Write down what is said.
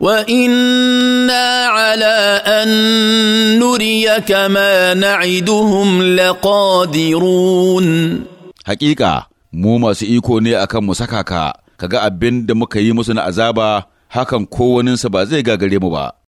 وانا على ان نريك ما نعدهم لقادرون حقيقه mu masu iko ne akan mu saka ka kaga abin da muka yi musu na azaba hakan kowaninsa ba zai gagare mu ba